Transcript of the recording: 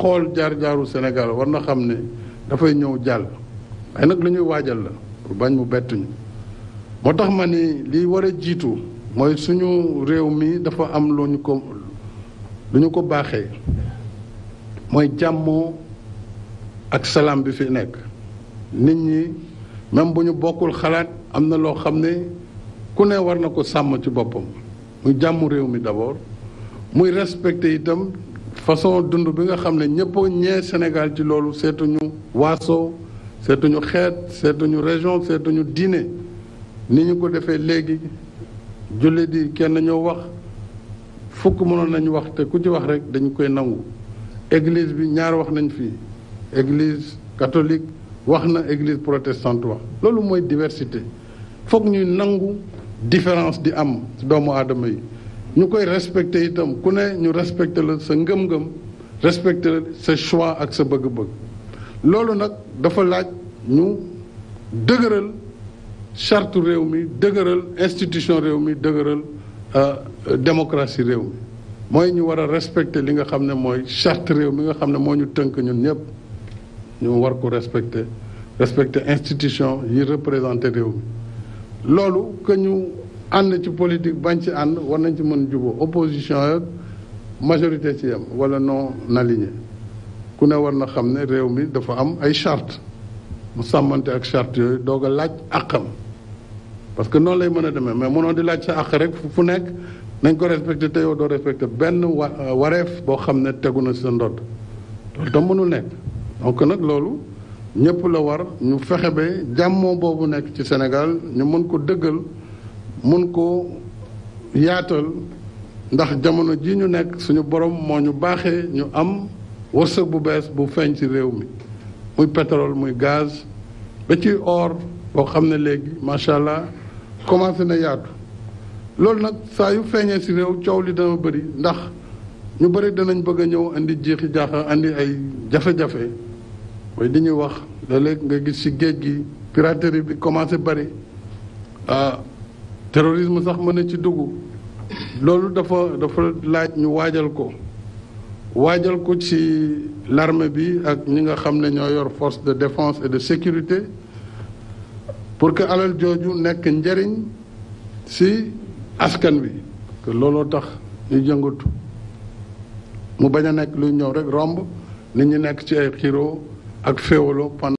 xool jaar-jaaru senegal war na xam ne dafay ñëw jàll waaye nag lu ñuy waajal la pour bañ mu bettuñu moo tax ma ni li war a jiitu mooy suñu réew mi dafa am lu ñu ko lu ñu ko baaxee mooy jàmmoo ak salaam bi fi nekk nit ñi même bu ñu bokkul xalaat am na loo xam ne ku ne war na ko sàmm ci boppam muy jàmmu réew mi d'abord muy respecté itam façon dund bi nga xam ne ñëppoo ñee Sénégal ci loolu ñu waaso seetuñu xeet ñu région ñu diine ni ñu ko defee léegi jullit yi kenn ñoo wax fukk mënoon nañu wax te ku ci wax rek dañu koy nangu église bi ñaar wax nañ fii église catholique wax na église protestante wax loolu mooy diversité foog ñuy nangu différence di am doomu aadama yi ñu koy respecté itam ku ne ñu respecté la sa ngëm-ngëm respecté sa choix ak sa bëgg-bëgg loolu nag dafa laaj ñu dëgëral charte réew mi dëgëral institution réew mi dëgëral euh, démocratie réew mi mooy ñu war a respecté li nga xam ne mooy charte réew mi nga xam ne moo ñu tënk ñun ñëpp ñu war ko respecté respecté institution yi représenté réew mi loolu que ñu ànd ci politique bañ ci ànd war nañ ci mën juboo opposition ak majorité ci yam wala non aligné ku ne war na xam ne réew mi dafa am ay charte mu sàmmante ak charte yooyu doog a laaj àqam parce que noonu lay mën a demee mais mënoo di laaj sa àq rek fu nekk nañ ko respecté te yow doo respecté benn wa euh, wareef boo xam ne tegu na sa ndodd loolu tam mënul nekk donc nag loolu ñëpp la war ñu fexe ba jàmmoo boobu nekk ci Sénégal ñu mën ko dëggal mun koo yaatal ndax jamono ji ñu nekk suñu borom moo ñu baaxee ñu am wërsëg bu bees bu feeñ ci réew mi muy pétrole muy gaz ba ci or boo xam ne léegi macha allah commencé na yaatu loolu nag saa yu feeñee si réew coow li dana bëri ndax ñu bëri danañ bëgg a ñëw andi jeexi jaaxa indi ay jafe-jafe mooy di ñuy wax léeg-léeg nga gis ci géej gi piraterie bi commencé bëri ah terrorisme sax mën na ci dugg loolu dafa dafa laaj ñu waajal ko waajal ko ci larme bi ak ñi nga xam ne ñoo yor force de défense et de sécurité pour que alal jooju nekk njariñ si askan wi que looloo tax ñu jëngatu mu bañ a nekk luy ñëw rek romb nit ñi nekk ci ay xiroo ak féewaloo